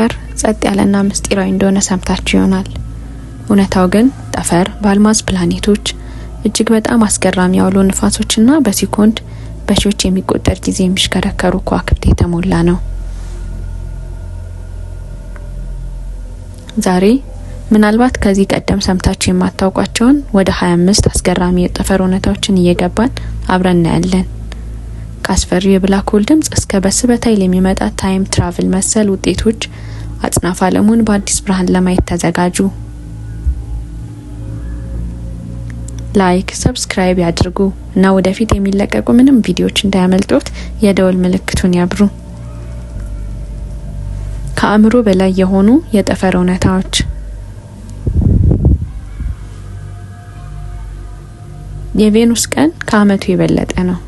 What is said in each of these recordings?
ጠፈር ጸጥ ያለና ምስጢራዊ እንደሆነ ሰምታችሁ ይሆናል። እውነታው ግን ጠፈር በአልማዝ ፕላኔቶች እጅግ በጣም አስገራሚ ያውሎ ንፋሶችና በሴኮንድ በሺዎች የሚቆጠር ጊዜ የሚሽከረከሩ ከዋክብት የተሞላ ነው። ዛሬ ምናልባት ከዚህ ቀደም ሰምታችሁ የማታውቋቸውን ወደ 25 አስገራሚ የጠፈር እውነታዎችን እየገባን አብረን እናያለን። ከአስፈሪው የብላክ ሆል ድምጽ እስከ በስበት ኃይል የሚመጣ ታይም ትራቭል መሰል ውጤቶች አጽናፍ ዓለሙን በአዲስ ብርሃን ለማየት ተዘጋጁ። ላይክ፣ ሰብስክራይብ ያድርጉ እና ወደፊት የሚለቀቁ ምንም ቪዲዮዎች እንዳያመልጡት የደወል ምልክቱን ያብሩ። ከአእምሮ በላይ የሆኑ የጠፈር እውነታዎች የቬኑስ ቀን ከአመቱ የበለጠ ነው።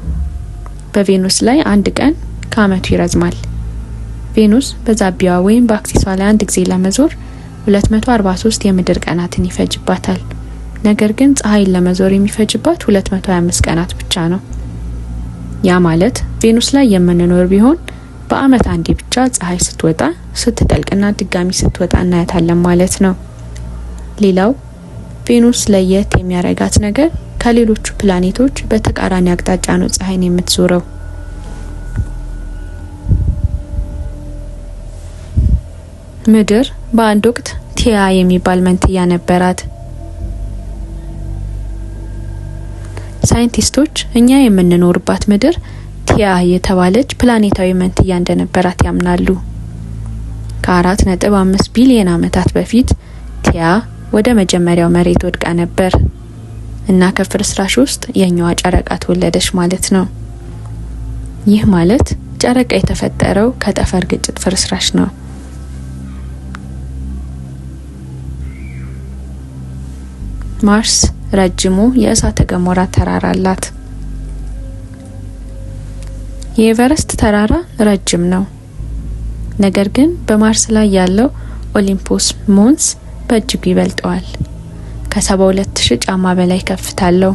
በቬኑስ ላይ አንድ ቀን ከአመቱ ይረዝማል። ቬኑስ በዛቢያዋ ወይም በአክሲሷ ላይ አንድ ጊዜ ለመዞር 243 የምድር ቀናትን ይፈጅባታል። ነገር ግን ፀሐይን ለመዞር የሚፈጅባት 225 ቀናት ብቻ ነው። ያ ማለት ቬኑስ ላይ የምንኖር ቢሆን በአመት አንዴ ብቻ ፀሐይ ስትወጣ ስትጠልቅና ድጋሚ ስትወጣ እናያታለን ማለት ነው። ሌላው ቬኑስ ለየት የሚያረጋት ነገር ከሌሎቹ ፕላኔቶች በተቃራኒ አቅጣጫ ነው ፀሐይን የምትዞረው። ምድር በአንድ ወቅት ቲያ የሚባል መንትያ ነበራት። ሳይንቲስቶች እኛ የምንኖርባት ምድር ቲያ የተባለች ፕላኔታዊ መንትያ እንደነበራት ያምናሉ። ከአራት ነጥብ አምስት ቢሊዮን ዓመታት በፊት ቲያ ወደ መጀመሪያው መሬት ወድቃ ነበር እና ከፍርስራሽ ውስጥ የኛዋ ጨረቃ ተወለደች ማለት ነው። ይህ ማለት ጨረቃ የተፈጠረው ከጠፈር ግጭት ፍርስራሽ ነው። ማርስ ረጅሙ የእሳተ ገሞራ ተራራ አላት። የኤቨረስት ተራራ ረጅም ነው፣ ነገር ግን በማርስ ላይ ያለው ኦሊምፖስ ሞንስ በእጅጉ ይበልጠዋል። ከ72000 ጫማ በላይ ከፍታ አለው።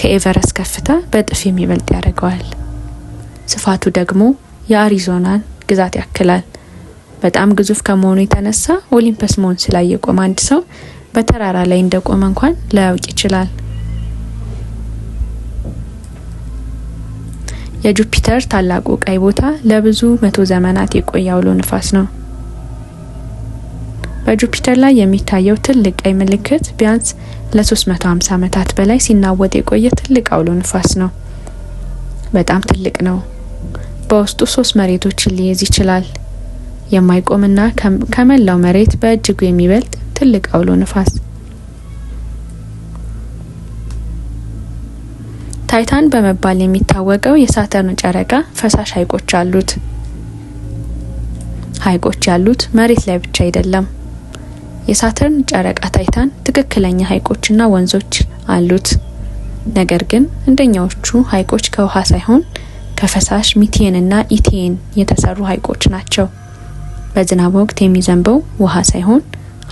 ከኤቨረስት ከፍታ በእጥፍ የሚበልጥ ያደርገዋል። ስፋቱ ደግሞ የአሪዞናን ግዛት ያክላል። በጣም ግዙፍ ከመሆኑ የተነሳ ኦሊምፐስ ሞንስ ላይ የቆመ አንድ ሰው በተራራ ላይ እንደቆመ እንኳን ላያውቅ ይችላል። የጁፒተር ታላቁ ቀይ ቦታ ለብዙ መቶ ዘመናት የቆየ አውሎ ንፋስ ነው። በጁፒተር ላይ የሚታየው ትልቅ ቀይ ምልክት ቢያንስ ለ350 ዓመታት በላይ ሲናወጥ የቆየ ትልቅ አውሎ ንፋስ ነው። በጣም ትልቅ ነው። በውስጡ ሶስት መሬቶችን ሊይዝ ይችላል። የማይቆምና ከመላው መሬት በእጅጉ የሚበልጥ ትልቅ አውሎ ንፋስ። ታይታን በመባል የሚታወቀው የሳተርን ጨረቃ ፈሳሽ ሐይቆች አሉት። ሐይቆች ያሉት መሬት ላይ ብቻ አይደለም። የሳተርን ጨረቃ ታይታን ትክክለኛ ሐይቆችና ወንዞች አሉት። ነገር ግን እንደኛዎቹ ሐይቆች ከውሃ ሳይሆን ከፈሳሽ ሚቴንና ኢቴን የተሰሩ ሐይቆች ናቸው። በዝናብ ወቅት የሚዘንበው ውሃ ሳይሆን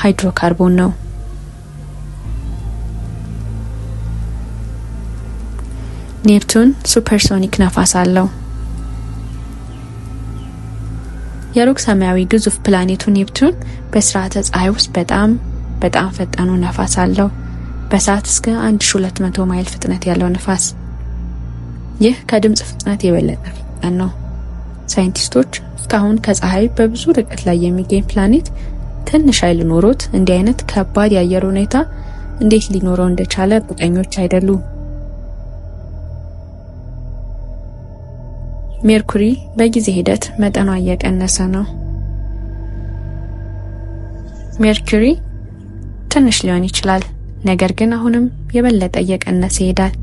ሃይድሮካርቦን ነው። ኔፕቱን ሱፐርሶኒክ ነፋስ አለው። የሩቅ ሰማያዊ ግዙፍ ፕላኔቱ ኔፕቱን በስርዓተ ፀሐይ ውስጥ በጣም በጣም ፈጣኑ ነፋስ አለው። በሰዓት እስከ 1200 ማይል ፍጥነት ያለው ነፋስ። ይህ ከድምፅ ፍጥነት የበለጠ ፈጣን ነው። ሳይንቲስቶች እስካሁን ከፀሐይ በብዙ ርቀት ላይ የሚገኝ ፕላኔት ትንሽ ኃይል ኖሮት እንዲህ አይነት ከባድ የአየር ሁኔታ እንዴት ሊኖረው እንደቻለ እርግጠኞች አይደሉም። ሜርኩሪ በጊዜ ሂደት መጠኗ እየቀነሰ ነው። ሜርኩሪ ትንሽ ሊሆን ይችላል፣ ነገር ግን አሁንም የበለጠ እየቀነሰ ይሄዳል።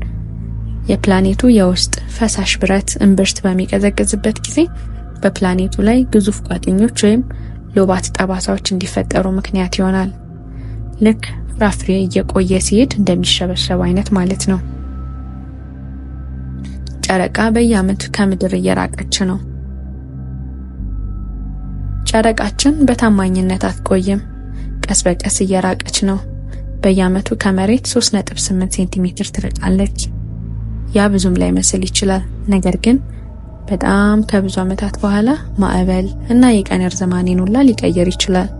የፕላኔቱ የውስጥ ፈሳሽ ብረት እምብርት በሚቀዘቅዝበት ጊዜ በፕላኔቱ ላይ ግዙፍ ቋጥኞች ወይም ሎባት ጠባሳዎች እንዲፈጠሩ ምክንያት ይሆናል። ልክ ፍራፍሬ እየቆየ ሲሄድ እንደሚሸበሸብ አይነት ማለት ነው። ጨረቃ በየዓመቱ ከምድር እየራቀች ነው። ጨረቃችን በታማኝነት አትቆይም። ቀስ በቀስ እየራቀች ነው። በየዓመቱ ከመሬት 3.8 ሴንቲሜትር ትርቃለች። ያ ብዙም መስል ይችላል፣ ነገር ግን በጣም ከብዙ ዓመታት በኋላ ማዕበል እና የቀን እርዝማኔን ሁላ ሊቀየር ይችላል።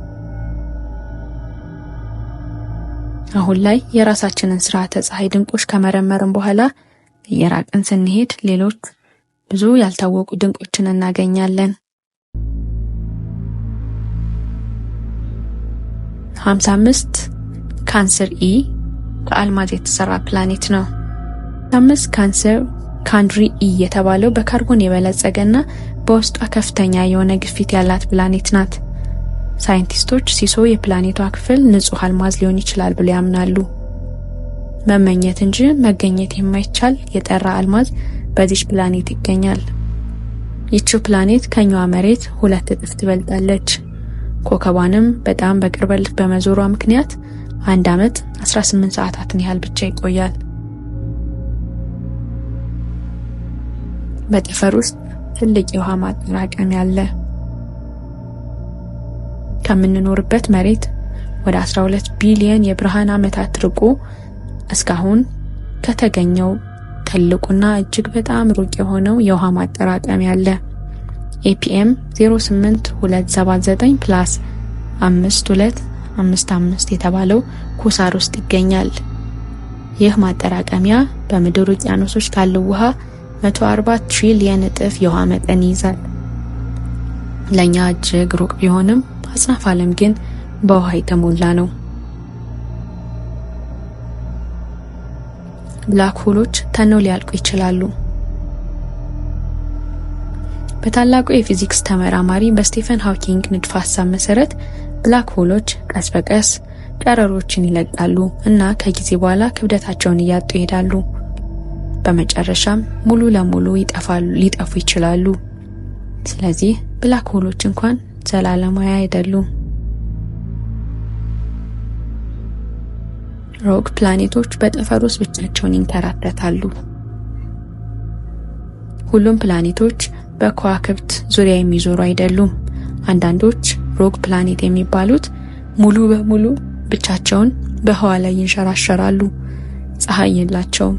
አሁን ላይ የራሳችንን ስርዓተ ፀሐይ ድንቆች ከመረመርን በኋላ እየራቅን ስንሄድ ሌሎች ብዙ ያልታወቁ ድንቆችን እናገኛለን። 55 ካንሰር ኢ ከአልማዝ የተሰራ ፕላኔት ነው። 55 ካንሰር ካንድሪ ኢ የተባለው በካርቦን የበለጸገና በውስጧ ከፍተኛ የሆነ ግፊት ያላት ፕላኔት ናት። ሳይንቲስቶች ሲሶ የፕላኔቷ ክፍል ንጹህ አልማዝ ሊሆን ይችላል ብለው ያምናሉ። መመኘት እንጂ መገኘት የማይቻል የጠራ አልማዝ በዚች ፕላኔት ይገኛል። ይቺው ፕላኔት ከኛዋ መሬት ሁለት እጥፍ ትበልጣለች። ኮከቧንም በጣም በቅርበት በመዞሯ ምክንያት አንድ ዓመት 18 ሰዓታትን ያህል ብቻ ይቆያል። በጠፈር ውስጥ ትልቅ የውሃ ማጠራቀሚያ አለ። ከምንኖርበት መሬት ወደ 12 ቢሊየን የብርሃን ዓመታት ርቆ እስካሁን ከተገኘው ትልቁና እጅግ በጣም ሩቅ የሆነው የውሃ ማጠራቀሚያ አለ። ኤፒኤም 08279 ፕላስ 5255 የተባለው ኩሳር ውስጥ ይገኛል። ይህ ማጠራቀሚያ በምድር ውቅያኖሶች ካለው ውሃ 140 ትሪሊየን እጥፍ የውሃ መጠን ይይዛል። ለእኛ እጅግ ሩቅ ቢሆንም አጽናፍ ዓለም ግን በውሃ የተሞላ ነው። ብላክ ሆሎች ተነው ሊያልቁ ይችላሉ። በታላቁ የፊዚክስ ተመራማሪ በስቴፈን ሃውኪንግ ንድፈ ሐሳብ መሰረት ብላክ ሆሎች ቀስ በቀስ ጨረሮችን ይለቃሉ እና ከጊዜ በኋላ ክብደታቸውን እያጡ ይሄዳሉ። በመጨረሻም ሙሉ ለሙሉ ይጠፋሉ ሊጠፉ ይችላሉ። ስለዚህ ብላክ ሆሎች እንኳን ዘላለማዊ አይደሉም። ሮግ ፕላኔቶች በጠፈር ውስጥ ብቻቸውን ይንከራተታሉ። ሁሉም ፕላኔቶች በከዋክብት ዙሪያ የሚዞሩ አይደሉም። አንዳንዶች ሮግ ፕላኔት የሚባሉት ሙሉ በሙሉ ብቻቸውን በህዋ ላይ ይንሸራሸራሉ። ፀሐይ የላቸውም።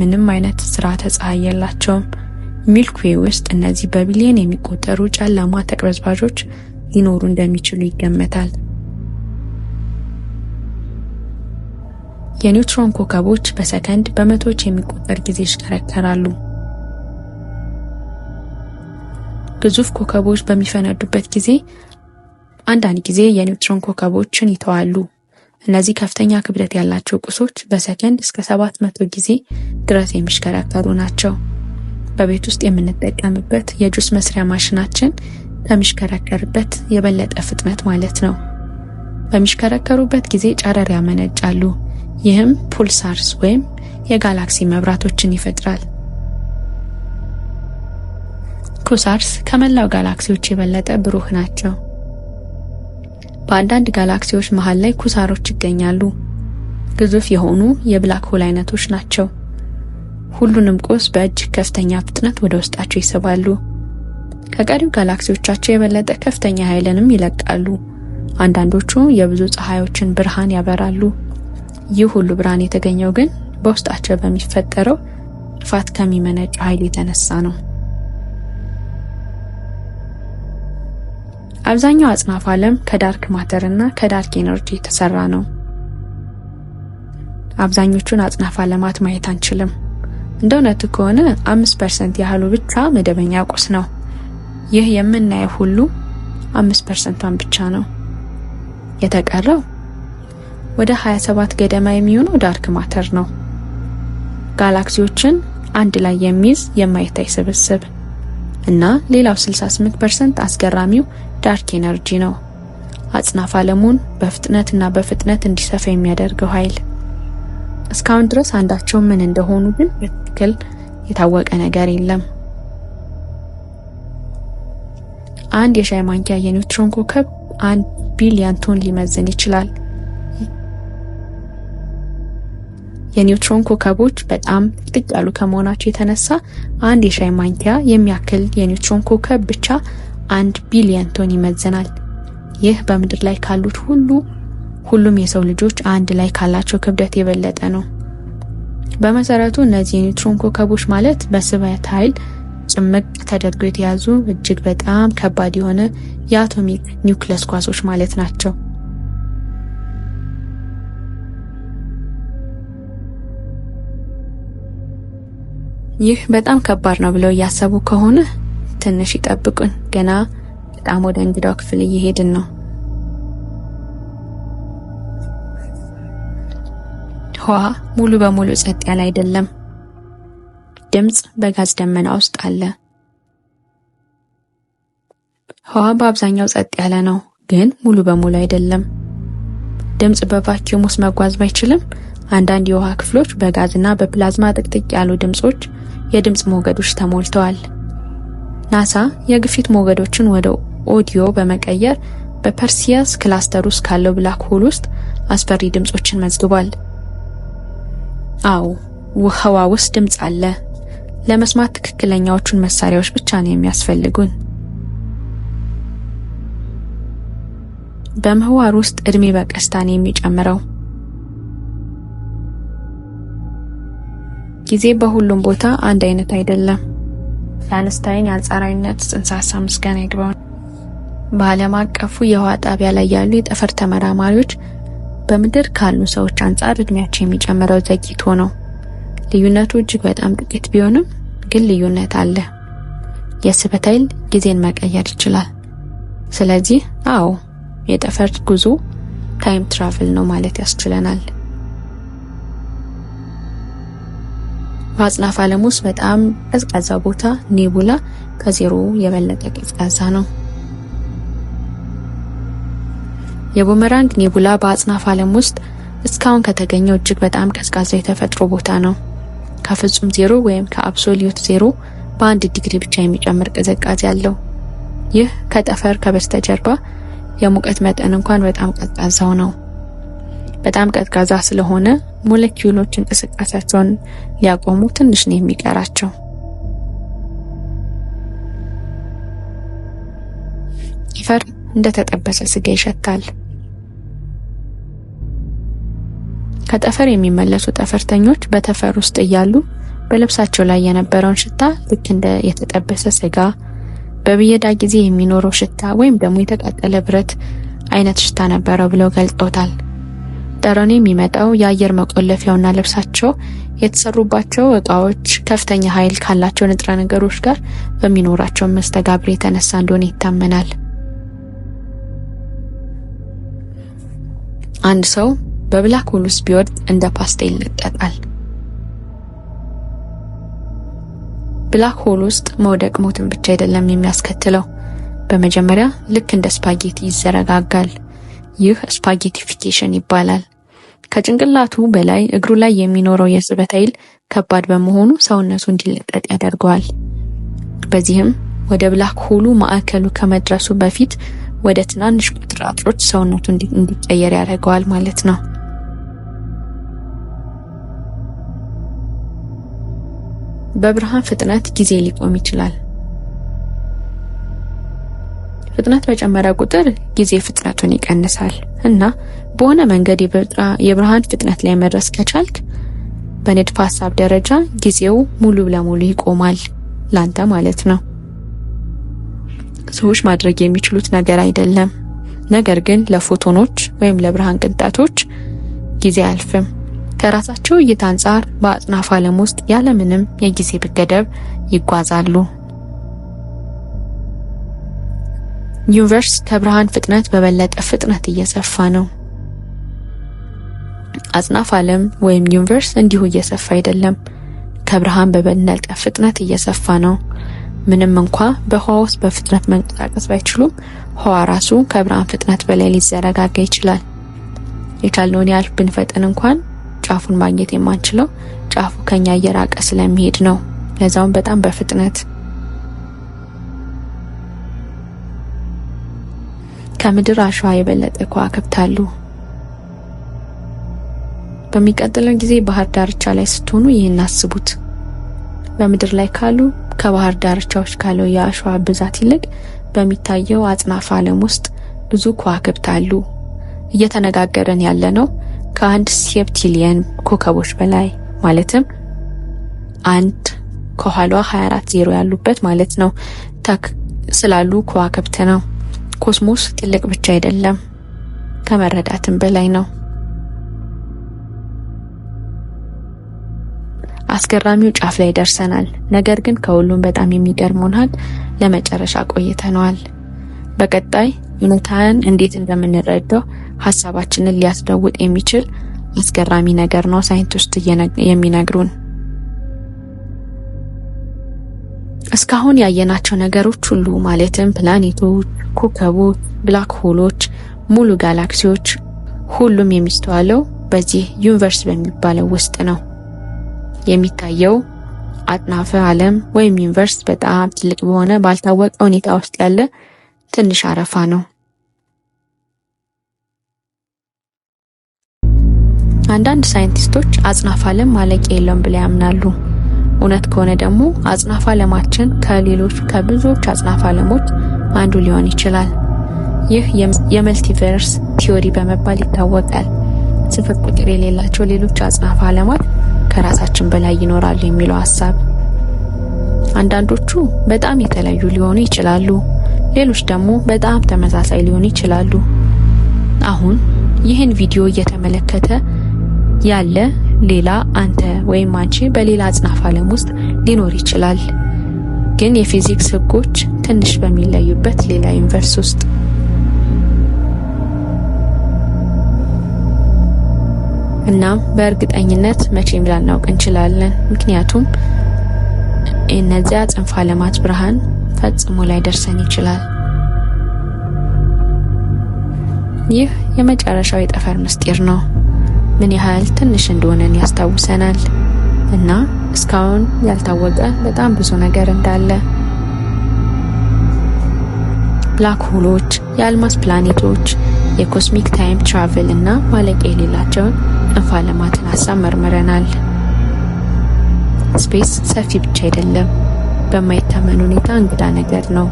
ምንም አይነት ስርዓተ ፀሐይ የላቸውም። ሚልክዌ ውስጥ እነዚህ በቢሊዮን የሚቆጠሩ ጨለማ ተቅበዝባዦች ሊኖሩ እንደሚችሉ ይገመታል። የኒውትሮን ኮከቦች በሰከንድ በመቶዎች የሚቆጠር ጊዜ ይሽከረከራሉ። ግዙፍ ኮከቦች በሚፈነዱበት ጊዜ አንዳንድ ጊዜ የኒውትሮን ኮከቦችን ይተዋሉ። እነዚህ ከፍተኛ ክብደት ያላቸው ቁሶች በሰከንድ እስከ 700 ጊዜ ድረስ የሚሽከረከሩ ናቸው። በቤት ውስጥ የምንጠቀምበት የጁስ መስሪያ ማሽናችን ከሚሽከረከርበት የበለጠ ፍጥነት ማለት ነው። በሚሽከረከሩበት ጊዜ ጨረር ያመነጫሉ። ይህም ፑልሳርስ ወይም የጋላክሲ መብራቶችን ይፈጥራል። ኩሳርስ ከመላው ጋላክሲዎች የበለጠ ብሩህ ናቸው። በአንዳንድ ጋላክሲዎች መሃል ላይ ኩሳሮች ይገኛሉ። ግዙፍ የሆኑ የብላክ ሆል አይነቶች ናቸው። ሁሉንም ቁስ በእጅግ ከፍተኛ ፍጥነት ወደ ውስጣቸው ይስባሉ። ከቀሪው ጋላክሲዎቻቸው የበለጠ ከፍተኛ ኃይልንም ይለቃሉ። አንዳንዶቹ የብዙ ፀሐዮችን ብርሃን ያበራሉ። ይህ ሁሉ ብርሃን የተገኘው ግን በውስጣቸው በሚፈጠረው ጥፋት ከሚመነጭ ኃይል የተነሳ ነው። አብዛኛው አጽናፍ ዓለም ከዳርክ ማተር እና ከዳርክ ኤነርጂ የተሰራ ነው። አብዛኞቹን አጽናፍ ዓለማት ማየት አንችልም። እንደ እውነቱ ከሆነ አምስት ፐርሰንት ያህሉ ብቻ መደበኛ ቁስ ነው። ይህ የምናየው ሁሉ አምስት ፐርሰንቷን ብቻ ነው። የተቀረው ወደ 27 ገደማ የሚሆነው ዳርክ ማተር ነው። ጋላክሲዎችን አንድ ላይ የሚይዝ የማይታይ ስብስብ እና ሌላው 68% አስገራሚው ዳርክ ኤነርጂ ነው። አጽናፍ ዓለሙን በፍጥነትና በፍጥነት እንዲሰፋ የሚያደርገው ኃይል። እስካሁን ድረስ አንዳቸው ምን እንደሆኑ ግን በትክክል የታወቀ ነገር የለም። አንድ የሻይ ማንኪያ የኒውትሮን ኮከብ አንድ ቢሊዮን ቶን ሊመዝን ይችላል። የኒውትሮን ኮከቦች በጣም ጥቅ ያሉ ከመሆናቸው የተነሳ አንድ የሻይ ማንኪያ የሚያክል የኒውትሮን ኮከብ ብቻ አንድ ቢሊዮን ቶን ይመዝናል። ይህ በምድር ላይ ካሉት ሁሉ ሁሉም የሰው ልጆች አንድ ላይ ካላቸው ክብደት የበለጠ ነው። በመሰረቱ እነዚህ የኒውትሮን ኮከቦች ማለት በስበት ኃይል ጭምቅ ተደርገው የተያዙ እጅግ በጣም ከባድ የሆነ የአቶሚክ ኒውክለስ ኳሶች ማለት ናቸው። ይህ በጣም ከባድ ነው ብለው እያሰቡ ከሆነ ትንሽ ይጠብቁን፣ ገና በጣም ወደ እንግዳው ክፍል እየሄድን ነው። ውሃ ሙሉ በሙሉ ጸጥ ያለ አይደለም። ድምፅ በጋዝ ደመና ውስጥ አለ። ውሃ በአብዛኛው ጸጥ ያለ ነው፣ ግን ሙሉ በሙሉ አይደለም። ድምፅ በቫኪዩም ውስጥ መጓዝ ባይችልም አንዳንድ የውሃ ክፍሎች በጋዝና በፕላዝማ ጥቅጥቅ ያሉ ድምጾች የድምፅ ሞገዶች ተሞልተዋል። ናሳ የግፊት ሞገዶችን ወደ ኦዲዮ በመቀየር በፐርሲየስ ክላስተር ውስጥ ካለው ብላክ ሆል ውስጥ አስፈሪ ድምጾችን መዝግቧል። አዎ ውህዋ ውስጥ ድምጽ አለ። ለመስማት ትክክለኛዎቹን መሳሪያዎች ብቻ ነው የሚያስፈልጉን። በምህዋር ውስጥ እድሜ በቀስታ የሚጨምረው። ጊዜ በሁሉም ቦታ አንድ አይነት አይደለም። የአነስታይን የአንጻራዊነት ጽንሰ ሀሳብ ምስጋና ይግባው። በዓለም አቀፉ የህዋ ጣቢያ ላይ ያሉ የጠፈር ተመራማሪዎች በምድር ካሉ ሰዎች አንጻር እድሜያቸው የሚጨምረው ዘግይቶ ነው። ልዩነቱ እጅግ በጣም ጥቂት ቢሆንም ግን ልዩነት አለ። የስበት ኃይል ጊዜን መቀየር ይችላል። ስለዚህ አዎ የጠፈር ጉዞ ታይም ትራቭል ነው ማለት ያስችለናል። በአጽናፈ ዓለም ውስጥ በጣም ቀዝቃዛ ቦታ ኔቡላ ከዜሮ የበለጠ ቀዝቃዛ ነው። የቡመራንግ ኔቡላ በአጽናፍ ዓለም ውስጥ እስካሁን ከተገኘው እጅግ በጣም ቀዝቃዛ የተፈጥሮ ቦታ ነው። ከፍጹም ዜሮ ወይም ከአብሶሊዩት ዜሮ በአንድ ዲግሪ ብቻ የሚጨምር ቅዝቃዜ አለው። ይህ ከጠፈር ከበስተጀርባ የሙቀት መጠን እንኳን በጣም ቀዝቃዛው ነው። በጣም ቀዝቃዛ ስለሆነ ሞለኪውሎች እንቅስቃሴያቸውን ሊያቆሙ ትንሽ ነው የሚቀራቸው። ኢፈር እንደተጠበሰ ስጋ ይሸታል። ከጠፈር የሚመለሱ ጠፈርተኞች በጠፈር ውስጥ እያሉ በልብሳቸው ላይ የነበረውን ሽታ ልክ እንደ የተጠበሰ ስጋ በብየዳ ጊዜ የሚኖረው ሽታ ወይም ደግሞ የተቃጠለ ብረት አይነት ሽታ ነበረው ብለው ገልጾታል። ጠረኑ የሚመጣው የአየር መቆለፊያውና ልብሳቸው የተሰሩባቸው እቃዎች ከፍተኛ ኃይል ካላቸው ንጥረ ነገሮች ጋር በሚኖራቸው መስተጋብር የተነሳ እንደሆነ ይታመናል። አንድ ሰው በብላክ ሆል ውስጥ ቢወድቅ እንደ ፓስቴል ይለጠጣል። ብላክ ሆል ውስጥ መውደቅ ሞትን ብቻ አይደለም የሚያስከትለው። በመጀመሪያ ልክ እንደ ስፓጌቲ ይዘረጋጋል። ይህ ስፓጌቲፊኬሽን ይባላል። ከጭንቅላቱ በላይ እግሩ ላይ የሚኖረው የስበት ኃይል ከባድ በመሆኑ ሰውነቱ እንዲለጠጥ ያደርገዋል። በዚህም ወደ ብላክ ሆሉ ማዕከሉ ከመድረሱ በፊት ወደ ትናንሽ ቁጥራጥሮች ሰውነቱ እንዲቀየር ያደርገዋል ማለት ነው። በብርሃን ፍጥነት ጊዜ ሊቆም ይችላል። ፍጥነት በጨመረ ቁጥር ጊዜ ፍጥነቱን ይቀንሳል እና በሆነ መንገድ የብርሃን ፍጥነት ላይ መድረስ ከቻልክ በንድፈ ሐሳብ ደረጃ ጊዜው ሙሉ ለሙሉ ይቆማል፣ ላንተ ማለት ነው። ሰዎች ማድረግ የሚችሉት ነገር አይደለም። ነገር ግን ለፎቶኖች ወይም ለብርሃን ቅንጣቶች ጊዜ አያልፍም። ከራሳቸው እይታ አንጻር በአጽናፈ ዓለም ውስጥ ያለምንም የጊዜ ብገደብ ይጓዛሉ። ዩኒቨርስ ከብርሃን ፍጥነት በበለጠ ፍጥነት እየሰፋ ነው። አጽናፍ ዓለም ወይም ዩኒቨርስ እንዲሁ እየሰፋ አይደለም፣ ከብርሃን በበለጠ ፍጥነት እየሰፋ ነው። ምንም እንኳ በህዋ ውስጥ በፍጥነት መንቀሳቀስ ባይችሉም ህዋ ራሱ ከብርሃን ፍጥነት በላይ ሊዘረጋጋ ይችላል። የቻልነውን ያህል ብንፈጥን እንኳን ጫፉን ማግኘት የማንችለው ጫፉ ከኛ እየራቀ ስለሚሄድ ነው፣ ለዛውም በጣም በፍጥነት። ከምድር አሸዋ የበለጠ ከዋክብት አሉ። በሚቀጥለው ጊዜ ባህር ዳርቻ ላይ ስትሆኑ ይህን አስቡት። በምድር ላይ ካሉ ከባህር ዳርቻዎች ካለው የአሸዋ ብዛት ይልቅ በሚታየው አጽናፈ ዓለም ውስጥ ብዙ ከዋክብት አሉ። እየተነጋገረን ያለ ነው ከአንድ ሴፕቲሊየን ኮከቦች በላይ ማለትም አንድ ከኋሏ 24 ዜሮ ያሉበት ማለት ነው ታክ ስላሉ ከዋክብት ነው። ኮስሞስ ትልቅ ብቻ አይደለም፣ ከመረዳትም በላይ ነው። አስገራሚው ጫፍ ላይ ደርሰናል። ነገር ግን ከሁሉም በጣም የሚገርመውን ሀቅ ለመጨረሻ ቆይተነዋል። በቀጣይ እውነታን እንዴት እንደምንረዳው ሀሳባችንን ሊያስለውጥ የሚችል አስገራሚ ነገር ነው ሳይንቲስት የሚነግሩን። እስካሁን ያየናቸው ነገሮች ሁሉ ማለትም ፕላኔቶች፣ ኮከቦች፣ ብላክ ሆሎች፣ ሙሉ ጋላክሲዎች ሁሉም የሚስተዋለው በዚህ ዩኒቨርስ በሚባለው ውስጥ ነው። የሚታየው አጥናፈ ዓለም ወይም ዩኒቨርስ በጣም ትልቅ በሆነ ባልታወቀ ሁኔታ ውስጥ ያለ ትንሽ አረፋ ነው። አንዳንድ ሳይንቲስቶች አጽናፍ ዓለም ማለቂያ የለውም ብለው ያምናሉ። እውነት ከሆነ ደግሞ አጽናፈ ዓለማችን ከሌሎች ከብዙዎች አጽናፈ ዓለሞች አንዱ ሊሆን ይችላል። ይህ የመልቲቨርስ ቲዮሪ በመባል ይታወቃል። ስፍር ቁጥር የሌላቸው ሌሎች አጽናፈ ዓለማት ከራሳችን በላይ ይኖራል የሚለው ሀሳብ። አንዳንዶቹ በጣም የተለዩ ሊሆኑ ይችላሉ፣ ሌሎች ደግሞ በጣም ተመሳሳይ ሊሆኑ ይችላሉ። አሁን ይህን ቪዲዮ እየተመለከተ ያለ ሌላ አንተ ወይም አንቺ በሌላ አጽናፍ ዓለም ውስጥ ሊኖር ይችላል፣ ግን የፊዚክስ ሕጎች ትንሽ በሚለዩበት ሌላ ዩኒቨርስ ውስጥ እናም በእርግጠኝነት መቼም ላናውቅ እንችላለን፣ ምክንያቱም እነዚያ ጽንፈ ዓለማት ብርሃን ፈጽሞ ላይ ደርሰን ይችላል። ይህ የመጨረሻው የጠፈር ምስጢር ነው። ምን ያህል ትንሽ እንደሆነን ያስታውሰናል እና እስካሁን ያልታወቀ በጣም ብዙ ነገር እንዳለ ብላክ ሆሎች፣ የአልማስ ፕላኔቶች የኮስሚክ ታይም ትራቨል እና ማለቂያ የሌላቸውን ንድፈ ዓለማትን ሀሳብ መርምረናል። ስፔስ ሰፊ ብቻ አይደለም፣ በማይታመን ሁኔታ እንግዳ ነገር ነው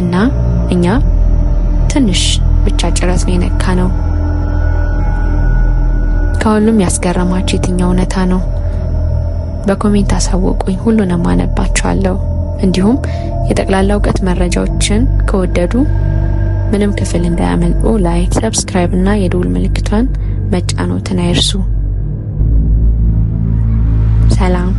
እና እኛ ትንሽ ብቻ ጭረት ነው የነካ ነው። ከሁሉም ያስገረማችሁ የትኛው እውነታ ነው? በኮሜንት አሳወቁኝ። ሁሉንም አነባችኋለሁ። እንዲሁም የጠቅላላ እውቀት መረጃዎችን ከወደዱ ምንም ክፍል እንዳያመልጦ ላይክ፣ ሰብስክራይብ እና የደውል ምልክቷን መጫኖትን አይርሱ። ሰላም።